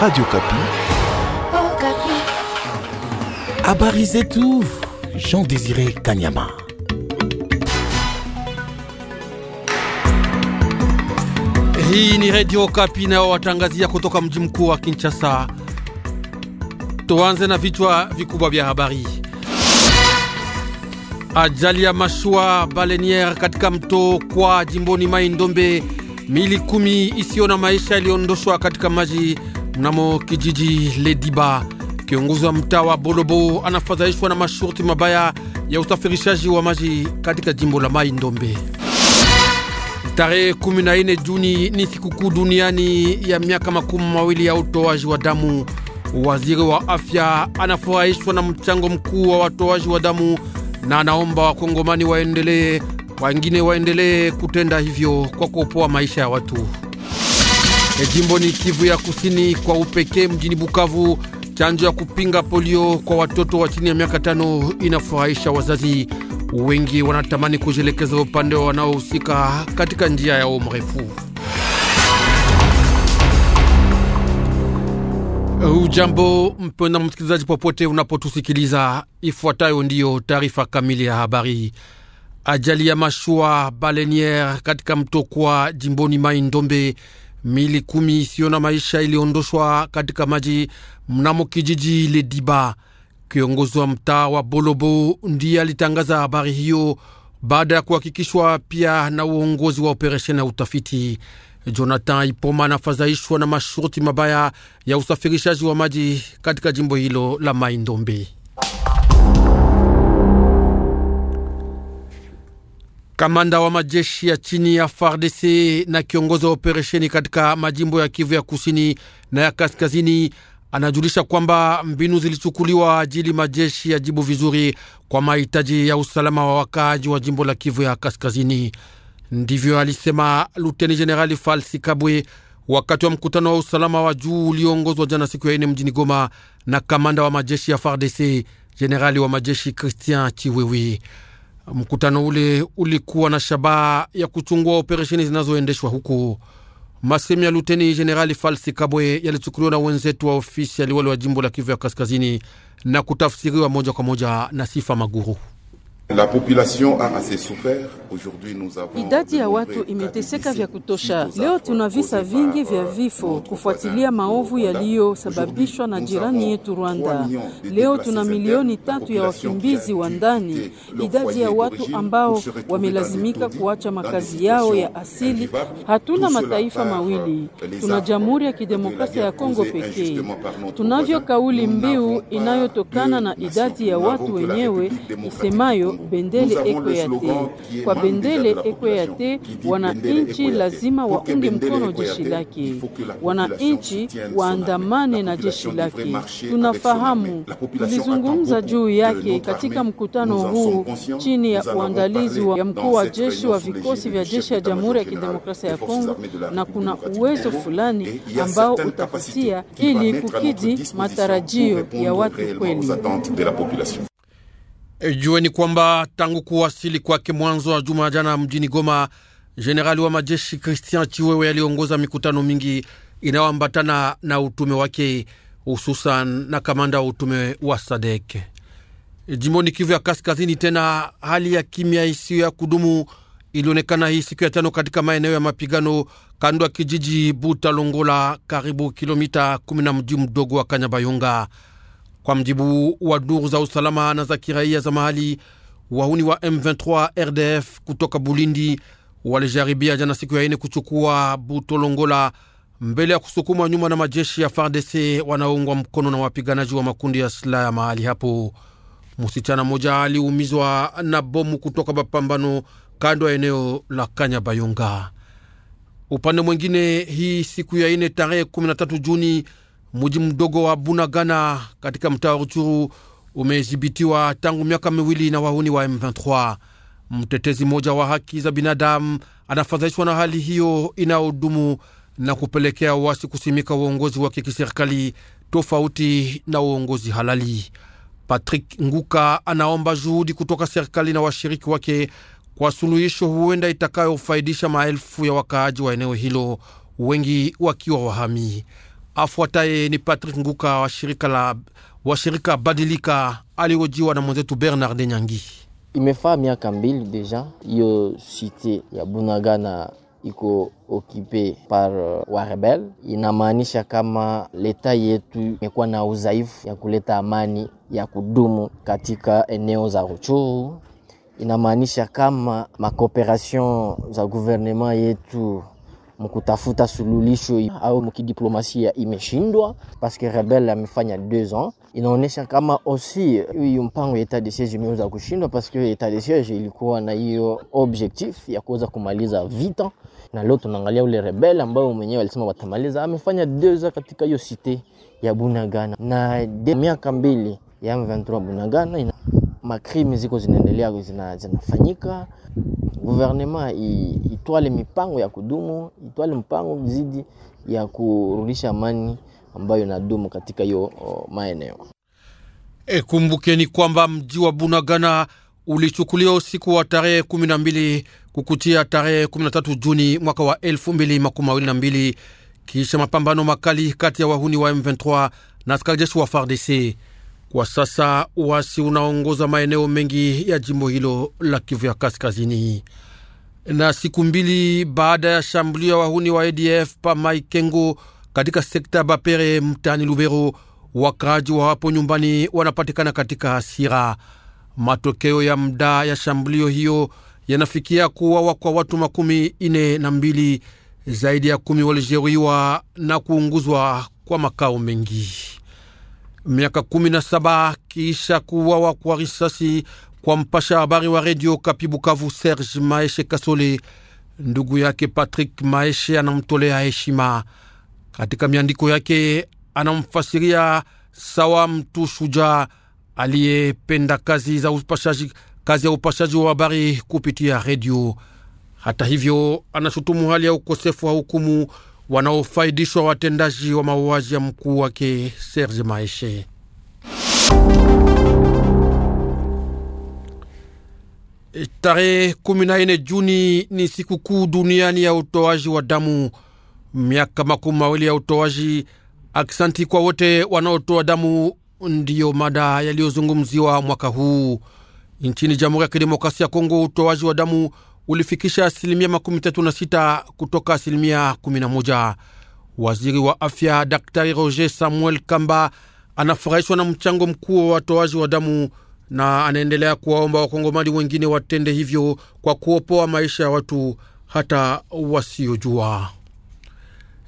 Radio Kapi. Oh, Kapi. Habari zetu Jean Désiré Kanyama. Hii ni Radio Kapi nao watangazia kutoka mji mkuu wa Kinshasa. Tuanze na vichwa vikubwa vya habari. Ajali ya mashua baleniere katika mto kwa jimboni Mai Ndombe, mili kumi isiyo na maisha iliondoshwa katika maji mnamo kijiji Lediba. Kiongozi wa mtaa wa Bolobo anafadhaishwa na masharti mabaya ya usafirishaji wa maji katika jimbo la Mai Ndombe. Tarehe 14 Juni ni sikukuu duniani ya miaka makumi mawili ya utoaji wa damu. Waziri wa afya anafurahishwa na mchango mkuu wa watoaji wa damu na anaomba wakongomani waendelee, wengine waendelee kutenda hivyo kwa kuopoa maisha ya watu. E, jimboni Kivu ya Kusini, kwa upekee mjini Bukavu, chanjo ya kupinga polio kwa watoto wa chini ya miaka tano inafurahisha wazazi wengi, wanatamani kujielekeza upande wa wanaohusika katika njia yao mrefu. Ujambo mpenda msikilizaji, popote unapotusikiliza, ifuatayo ndiyo taarifa kamili ya habari. Ajali ya mashua baleniere katika mtokwa jimboni Mai Ndombe mili kumi isiyo na maisha iliondoshwa katika maji mnamo kijiji Lediba. Kiongozi wa mtaa wa Bolobo ndiye alitangaza habari hiyo baada ya kuhakikishwa pia na uongozi wa operesheni ya utafiti. Jonathan Ipoma anafadhaishwa na masharti mabaya ya usafirishaji wa maji katika jimbo hilo la maindombe Kamanda wa majeshi ya chini ya FARDC na kiongozi wa operesheni katika majimbo ya Kivu ya kusini na ya kaskazini anajulisha kwamba mbinu zilichukuliwa ajili majeshi ya jibu vizuri kwa mahitaji ya usalama wa wakaaji wa jimbo la Kivu ya kaskazini. Ndivyo alisema Luteni Jenerali Falsi Kabwe wakati wa mkutano wa usalama wa juu ulioongozwa jana siku ya ine mjini Goma na kamanda wa majeshi ya FARDC, jenerali wa majeshi Christian Chiwewi. Mkutano ule ulikuwa na shabaha ya kuchungua operesheni zinazoendeshwa huko. Masemi ya luteni jenerali Falsi Kabwe yalichukuliwa na wenzetu wa ofisi ya liwali wa jimbo la Kivu ya Kaskazini na kutafsiriwa moja kwa moja na Sifa Maguru. La population a assez souffert. Aujourd'hui nous avons idadi ya watu imeteseka vya kutosha. Euh, Leo tuna visa vingi vya vifo kufuatilia maovu yaliyosababishwa na jirani yetu Rwanda. Leo tuna milioni tatu ya wakimbizi wa ndani, idadi ya watu ambao wamelazimika kuacha makazi yao ya asili. Hatuna mataifa mawili, euh, tuna Jamhuri ya Kidemokrasia ya Kongo pekee. Tunavyo kauli mbiu inayotokana na idadi ya watu wenyewe isemayo Bendele Equeate. Kwa Bendele Equeate, wananchi lazima waunge mkono jeshi lake, wananchi waandamane na jeshi lake. Tunafahamu, tulizungumza juu yake katika mkutano huu chini ya uandalizi ya mkuu wa jeshi wa vikosi vya jeshi ya Jamhuri ya Kidemokrasia ya Kongo, na kuna uwezo fulani ambao utafusia ili kukidhi matarajio ya watu kweli. Eh, Jueni kwamba tangu kuwasili kwake mwanzo wa juma jana mjini Goma, jenerali wa majeshi Christian Chiwewe aliongoza mikutano mingi inayoambatana na utume wake, hususan na kamanda wa utume wa Sadek eh, jimboni Kivu ya Kaskazini. Tena hali ya kimya isiyo ya kudumu ilionekana hii siku ya tano katika maeneo ya mapigano kando ya kijiji Buta Longola, karibu kilomita kumi na mji mdogo wa Kanyabayonga. Kwa mjibu wa duru za usalama na za kiraia za mahali, wahuni wa M23 RDF kutoka Bulindi walijaribia jana siku ya ine kuchukua Butolongola mbele ya kusukumwa nyuma na majeshi ya FARDC wanaoungwa mkono na wapiganaji wa makundi ya silaha ya mahali hapo. Msichana mmoja aliumizwa na bomu kutoka mapambano kando ya eneo la Kanyabayonga. Upande mwingine, hii siku ya ine tarehe 13 Juni muji mdogo wa Bunagana katika mtaa wa Ruchuru umedhibitiwa tangu miaka miwili na wahuni wa M23. Mtetezi mmoja wa haki za binadamu anafadhaishwa na hali hiyo inayodumu na kupelekea wasi kusimika uongozi wake kiserikali tofauti na uongozi halali. Patrick Nguka anaomba juhudi kutoka serikali na washiriki wake kwa suluhisho huenda itakayofaidisha maelfu ya wakaaji wa eneo hilo, wengi wakiwa wahami. Afuataye ni Patrick Nguka wa shirika la wa shirika Badilika, aliojiwa na mwenzetu Bernard Nyangi. Imefaa miaka mbili deja hiyo site ya Bunagana iko okipe par euh, warebel. Inamaanisha kama leta yetu imekuwa na uzaifu ya kuleta amani ya kudumu katika eneo za Ruchuru. Inamaanisha kama makoperation za guvernema yetu mkutafuta suluhisho au mkidiplomasia imeshindwa, paske rebel amefanya deux ans. inaonyesha kama osi huyu mpango ya etat de siege imeweza kushindwa, paske etat de siege ilikuwa na hiyo objectif ya kuweza kumaliza vita, na leo tunaangalia ule rebel ambao mwenyewe alisema watamaliza, amefanya deux ans katika hiyo cite ya Bunagana na miaka mbili ya M23 Bunagana ina makrimi ziko zinaendelea zina, zinafanyika. Guvernema itwale mipango ya kudumu, itwale mpango zidi ya kurudisha amani ambayo inadumu katika hiyo maeneo. E, kumbukeni kwamba mji wa Bunagana ulichukuliwa usiku wa tarehe 12 kukutia tarehe 13 Juni mwaka wa 2022 kisha mapambano makali kati ya wahuni wa M23 na askari jeshi wa FARDC. Kwa sasa uasi unaongoza maeneo mengi ya jimbo hilo la Kivu ya Kaskazini. Na siku mbili baada ya shambulio ya wahuni wa ADF pa Maikengo katika sekta Bapere mtaani Lubero, wakaaji wa hapo nyumbani wanapatikana katika hasira. Matokeo ya mda ya shambulio hiyo yanafikia kuwawa kwa watu makumi ine na mbili, zaidi ya kumi walijeruhiwa na kuunguzwa kwa makao mengi miaka kumi na saba kisha kuwawa kwa risasi kwa mpasha habari wa redio Kapi Bukavu Serge Maeshe Kasole. Ndugu yake Patrick Maeshe anamtolea heshima katika miandiko yake, anamfasiria sawa mtu shujaa aliyependa kazi za upashaji, kazi ya upashaji wa habari kupitia redio. Hata hivyo, anashutumu hali ya ukosefu wa hukumu wanaofaidishwa watendaji wa mauaji ya mkuu wake Serge Maeshe. Tarehe 14 Juni ni sikukuu duniani ya utoaji wa damu. Miaka makumi mawili ya utoaji. Aksanti kwa wote wanaotoa damu, ndiyo mada yaliyozungumziwa mwaka huu nchini Jamhuri ya Kidemokrasia ya Kongo. Utoaji wa damu ulifikisha asilimia makumi tatu na sita kutoka asilimia kumi na moja. Waziri wa afya Daktari Roger Samuel Kamba anafurahishwa na mchango mkuu wa watoaji wa damu na anaendelea kuwaomba wakongomani wengine watende hivyo kwa kuopoa maisha ya watu hata wasiojua.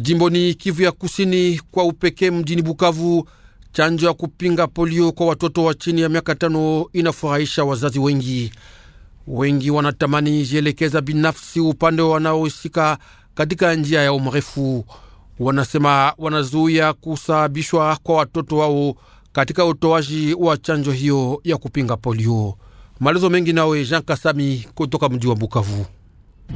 Jimboni Kivu ya Kusini, kwa upekee mjini Bukavu, chanjo ya kupinga polio kwa watoto wa chini ya miaka tano inafurahisha wazazi wengi. Wengi wanatamani jielekeza binafsi upande wanaohusika katika njia ya umrefu. Wanasema wanazuia kusababishwa kwa watoto wao katika utoaji wa chanjo hiyo ya kupinga polio. malizo mengi nawe Jean Kasami kutoka mji wa Bukavu.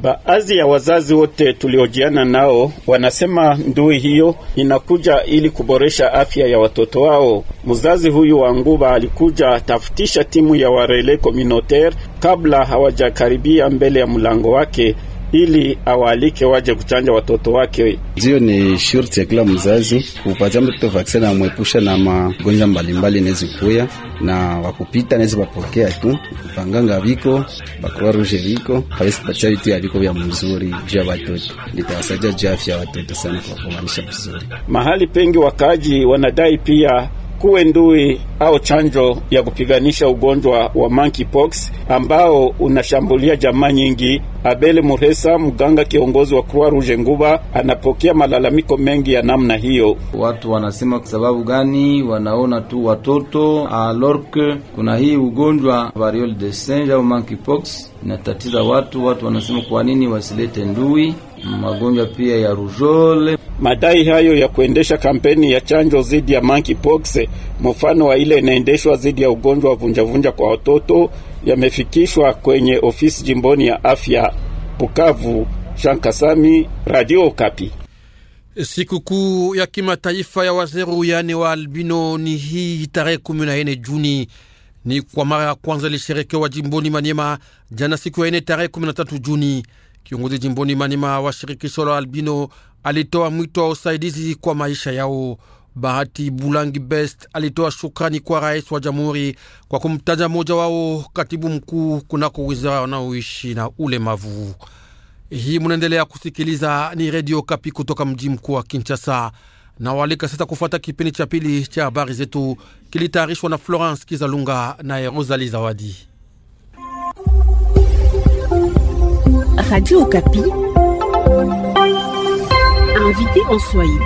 Baadhi ya wazazi wote tuliojiana nao wanasema ndui hiyo inakuja ili kuboresha afya ya watoto wao. Mzazi huyu wa Nguba alikuja tafutisha timu ya warele communautaire kabla hawajakaribia mbele ya mlango wake, ili awaalike waje kuchanja watoto wake. Hiyo ni shurti ya kila mzazi kupatia mtoto vaksini, amwepusha na magonjwa mbalimbali nezi kuya na wakupita nezi wapokea tu vanganga viko bakroa ruje viko ya viko vya mzuri juu ya watoto litawasaidia juu afya ya watoto sana kwa kumanisha mzuri. Mahali pengi wakaaji wanadai pia kuwe ndui au chanjo ya kupiganisha ugonjwa wa monkeypox ambao unashambulia jamaa nyingi. Abel Muresa, mganga kiongozi wa Croix Rouge Nguba, anapokea malalamiko mengi ya namna hiyo. Watu wanasema kwa sababu gani? Wanaona tu watoto alork, kuna hii ugonjwa variole de singe au monkeypox inatatiza watu. Watu wanasema kwa nini wasilete ndui magonjwa pia ya rujole. Madai hayo ya kuendesha kampeni ya chanjo dhidi ya monkeypox, mfano wa ile inaendeshwa dhidi ya ugonjwa wa vunjavunja kwa watoto, yamefikishwa kwenye ofisi jimboni ya afya Bukavu. Shankasami, Radio kapi Sikukuu ya kimataifa ya wazeru yani wa albino ni hii tarehe kumi na Juni. Ni kwa mara ya kwanza ilisherekewa jimboni Maniema jana siku ya ine tarehe kumi na tatu Juni. Kiongozi jimboni Manima wa shirikisho la albino alitoa mwito wa usaidizi kwa maisha yao. Bahati Bulangi Best alitoa shukrani kwa rais wa jamhuri kwa kumtaja mmoja wao katibu mkuu kunako wizara wanaoishi na ulemavu. Hii munaendelea kusikiliza, ni Redio Kapi kutoka mji mkuu wa Kinshasa na walika sasa kufuata kipindi cha pili cha habari zetu kilitayarishwa na Florence Kizalunga naye Rosali Zawadi. Radio Okapi, invité en Swahili.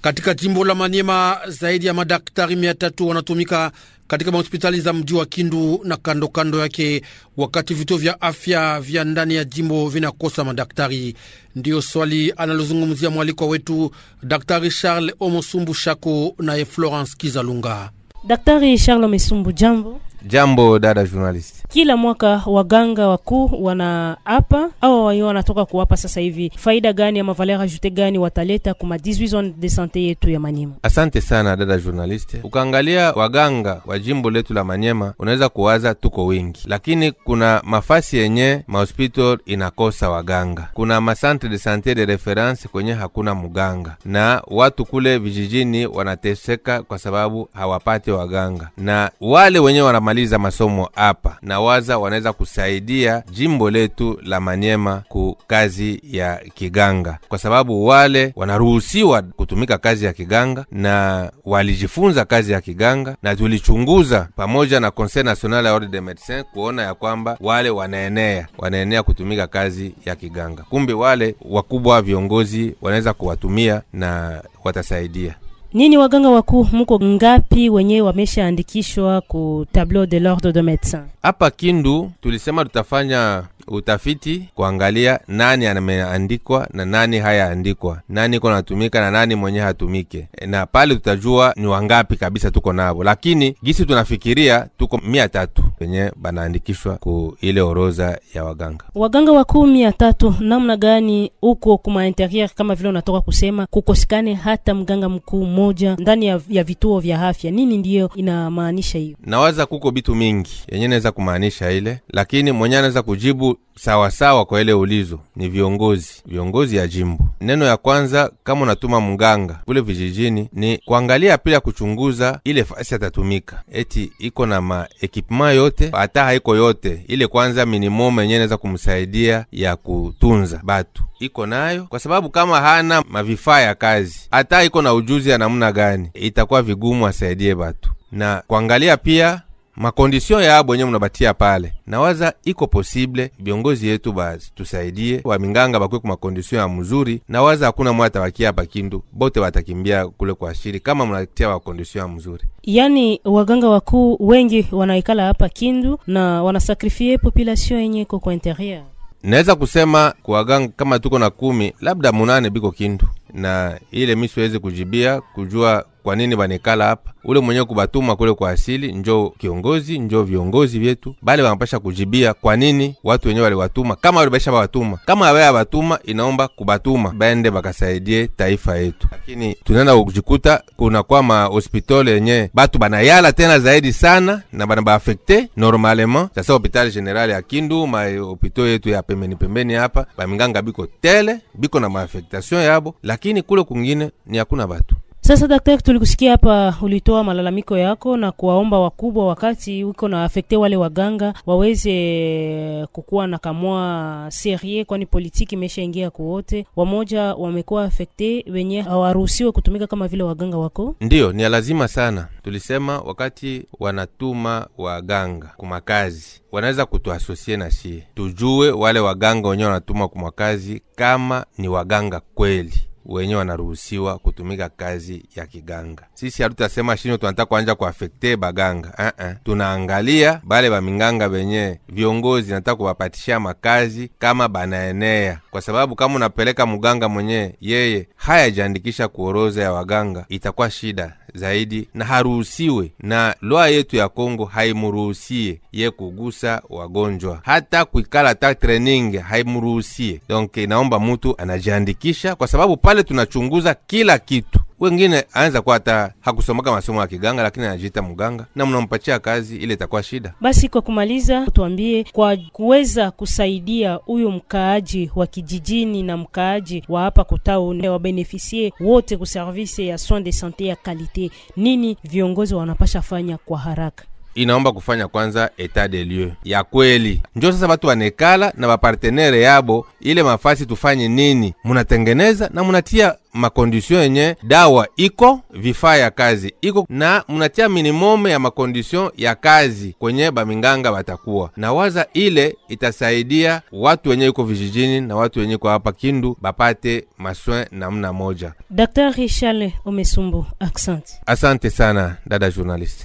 Katika jimbo la Manyema zaidi ya madaktari mia tatu wanatumika katika mahospitali za mji wa Kindu na kando kando yake, wakati vituo vya afya vya ndani ya jimbo vinakosa madaktari. Ndiyo swali analozungumzia mwalikwa wetu Daktari Charles Omosumbu Shako naye Florence Kizalunga. Daktari Charles Omosumbu, jambo. Jambo dada journalist. Kila mwaka waganga wakuu wanaapa au wenyewe wanatoka kuwapa sasa hivi, faida gani ya mavaleur ajoute gani wataleta kuma 18 zone de sante yetu ya Manyema? Asante sana dada journalist. Ukaangalia waganga wa jimbo letu la Manyema, unaweza kuwaza tuko wengi, lakini kuna mafasi yenye mahospital inakosa waganga, kuna macentre de sante de reference kwenye hakuna muganga, na watu kule vijijini wanateseka kwa sababu hawapate waganga na wale wenyewe wana kumaliza masomo hapa, na waza wanaweza kusaidia jimbo letu la Manyema ku kazi ya kiganga, kwa sababu wale wanaruhusiwa kutumika kazi ya kiganga na walijifunza kazi ya kiganga, na tulichunguza pamoja na Conseil National ya Ordre de Medecins kuona ya kwamba wale wanaenea wanaenea kutumika kazi ya kiganga. Kumbe wale wakubwa viongozi wanaweza kuwatumia na watasaidia nini waganga wakuu mko ngapi wenye wameshaandikishwa ku tableau de l'ordre de médecin? Hapa Kindu tulisema tutafanya utafiti kuangalia nani ameandikwa na nani hayaandikwa, nani iko natumika na nani mwenye hatumike, na pale tutajua ni wangapi kabisa tuko navo. Lakini gisi tunafikiria tuko mia tatu wenye banaandikishwa ku ile oroza ya waganga. Waganga wakuu mia tatu, namna gani huko kuma interior kama vile unatoka kusema kukosekane hata mganga mkuu mmoja ndani ya, ya vituo vya afya, nini ndiyo inamaanisha hiyo? Nawaza kuko bitu mingi yenye naweza kumaanisha ile, lakini mwenye anaweza kujibu sawasawa sawa kwa ile ulizo ni viongozi, viongozi ya jimbo. Neno ya kwanza kama unatuma mganga kule vijijini ni kuangalia, pia kuchunguza ile fasi atatumika, eti iko na maekipema yote hata haiko yote, ile kwanza minimum yenyewe inaweza kumsaidia ya kutunza batu iko nayo, kwa sababu kama hana mavifaa ya kazi, hata iko na ujuzi ya namna gani, itakuwa vigumu asaidie batu na kuangalia pia makondisio yabo wenye munabatia pale, nawaza iko posible viongozi yetu bazi tusaidie waminganga bakwe ku makondisio ya mzuri. Nawaza hakuna mwa atabakia hapa Kindu, bote watakimbia kule kwa shiri kama munatia makondisio ya mzuri. Yani waganga wakuu wengi wanaikala hapa Kindu na wanasakrifie population yenye ko kwa interieur. Naweza kusema kuwaganga kama tuko na kumi labda munane biko Kindu na ile mi siwezi kujibia kujua kwa nini banikala hapa. Ule mwenye kubatuma kule kwa asili njo kiongozi, njo viongozi vyetu bale wanapasha kujibia kwa nini watu wenyewe waliwatuma, kama walibaisha bawatuma. Kama awaya batuma, inaomba kubatuma baende bakasaidie taifa yetu, lakini tunaenda kujikuta kuna kwa ma hospitali yenye batu banayala tena zaidi sana na bana baafekte normalement. Sasa hospitali general ya Kindu, ma hospitali yetu ya pembeni pembeni hapa, baminganga biko tele biko na maafektation yabo lakini lakini kule kwingine ni hakuna watu. Sasa daktari, tulikusikia hapa, ulitoa malalamiko yako na kuwaomba wakubwa, wakati wiko na afekte wale waganga waweze eh, kukuwa na kamwa serie, kwani politiki imeshaingia kuwote. Wamoja wamekuwa afekte wenye hawaruhusiwe kutumika kama vile waganga wako. Ndiyo, ni lazima sana. Tulisema wakati wanatuma waganga kumakazi, wanaweza kutuasosie na shie, tujue wale waganga wenyewe wanatuma kumakazi kama ni waganga kweli wenye wanaruhusiwa kutumika kazi ya kiganga. Sisi hatutasema shino tunataka kuanja kuafekte baganga uh -uh. Tunaangalia bale baminganga benye viongozi nataka kuwapatishia makazi kama banaenea, kwa sababu kama unapeleka muganga mwenye yeye hayajiandikisha kuoroza ya waganga itakuwa shida zaidi, na haruhusiwe na lwa yetu ya Kongo haimuruhusie ye kugusa wagonjwa, hata kuikala ta training haimuruhusie. Donc inaomba mutu anajiandikisha kwa sababu pale tunachunguza kila kitu. Wengine anaweza kuwa hata hakusomaka masomo ya kiganga, lakini anajiita mganga na mnampatia kazi ile, itakuwa shida. Basi kwa kumaliza, tuambie kwa kuweza kusaidia huyo mkaaji wa kijijini na mkaaji wa hapa wa wabenefisie wote service ya soin de sante ya kalite, nini viongozi wanapasha fanya kwa haraka? inaomba kufanya kwanza etat de lieu ya kweli, njo sasa watu wanekala na bapartenere yabo ile mafasi tufanye nini, munatengeneza na munatia makondisio yenye dawa iko vifaa ya kazi iko na munatia minimum ya makondisio ya kazi kwenye baminganga batakuwa na waza, ile itasaidia watu wenye iko vijijini na watu wenye kwa hapa Kindu bapate maswe namna moja. Dr. Richale Omesumbu, asante. Asante sana dada journalist.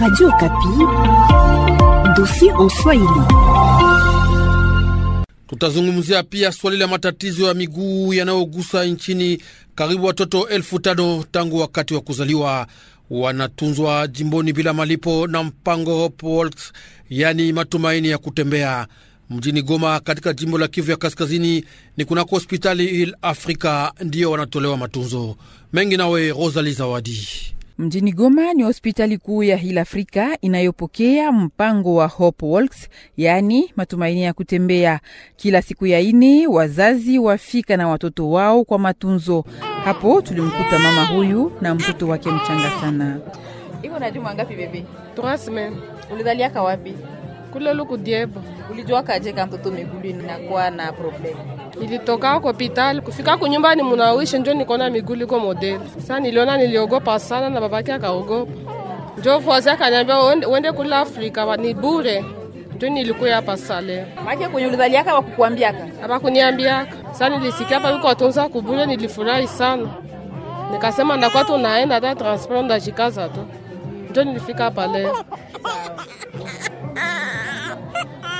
Radio en Swahili. Tutazungumzia pia swali la matatizo ya miguu yanayogusa nchini karibu watoto elfu tano tangu wakati wa kuzaliwa wanatunzwa jimboni bila malipo na mpango Hope Walks, yani matumaini ya kutembea mjini Goma katika jimbo la Kivu ya Kaskazini. Ni kunako hospitali il Afrika ndiyo wanatolewa matunzo mengi. Nawe Rosali Zawadi. Mjini Goma ni hospitali kuu ya Hill Africa inayopokea mpango wa Hope Walks, yaani matumaini ya kutembea. Kila siku ya ine wazazi wafika na watoto wao kwa matunzo. Hapo tulimkuta mama huyu na mtoto wake mchanga sana. Iko na juma ngapi bebe? semaines. Ulizaliaka wapi? kule luku diebo. Ulijua kaje kama mtoto migulu inakuwa na problem? Ilitoka hospitali kufika kunyumbani munawishe njo nikaona migulu iko modeli. Sasa niliona niliogopa sana na babake akaogopa. Njo fozi akaniambia uende kula Afrika ni bure. Njo nilikuya hapa sale. Maji kwenye ulizaliaka wakukuambiaka? Abakuniambiaka. Sasa nilisikia hapa yuko watunza kubule nilifurahi sana. Nikasema ndakuwa tunaenda hata transport ndashikaza tu. Njo nilifika hapa leo.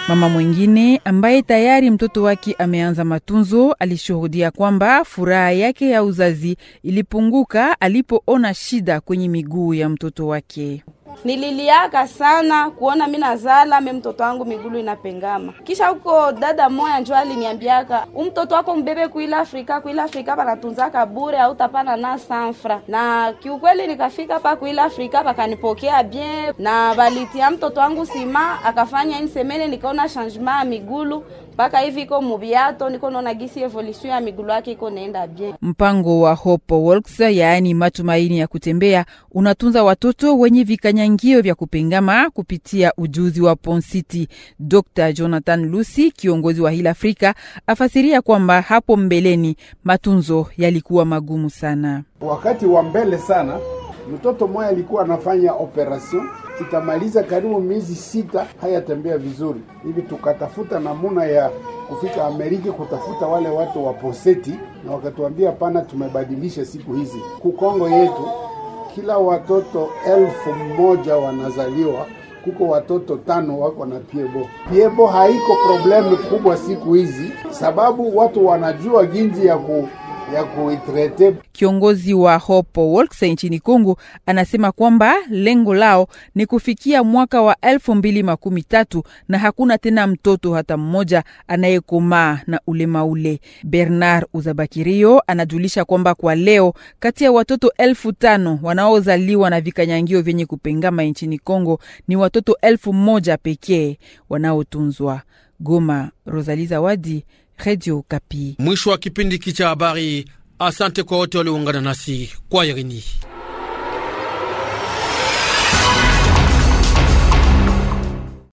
Mama mwingine ambaye tayari mtoto wake ameanza matunzo alishuhudia kwamba furaha yake ya uzazi ilipunguka alipoona shida kwenye miguu ya mtoto wake. Nililiaka sana kuona mi nazala me mtoto wangu migulu inapengama. Kisha huko dada moya njo aliniambiaka umtoto wako mbebe kuila Afrika, kuila Afrika panatunzaka bure au tapana na sanfra. Na kiukweli nikafika pa kuila Afrika pakanipokea bien, na balitia mtoto wangu sima akafanya insemene, nikaona changement ya migulu mpaka hivi iko mubiato niko naona gisi evolution ya migulu yake iko naenda bien. Mpango wa Hope Walks, yaani matumaini ya kutembea, unatunza watoto wenye vikanyangio vya kupengama kupitia ujuzi wa Ponsiti. Dr. Jonathan Lucy, kiongozi wa Hill Africa, afasiria kwamba hapo mbeleni matunzo yalikuwa magumu sana, wakati wa mbele sana Mtoto mmoja alikuwa anafanya operation itamaliza karibu miezi sita, hayatembea vizuri hivi. Tukatafuta namuna ya kufika Amerika kutafuta wale watu wa poseti, na wakatuambia pana, tumebadilisha siku hizi kukongo yetu kila watoto elfu moja wanazaliwa kuko watoto tano wako na piebo. Piebo haiko problemu kubwa siku hizi, sababu watu wanajua ginji ya ku ya kuitrete. Kiongozi wa Hope Works nchini Kongo anasema kwamba lengo lao ni kufikia mwaka wa elfu mbili makumi tatu na hakuna tena mtoto hata mmoja anayekomaa na ulemaule Bernard Uzabakirio anajulisha kwamba kwa leo kati ya watoto elfu tano wanaozaliwa na vikanyangio vyenye kupengama nchini Kongo ni watoto elfu moja pekee wanaotunzwa. Goma, Rosalie Zawadi, Radio Kapi. Mwisho wa kipindi hiki cha habari. Asante kwa wote walioungana nasi kwa Irini.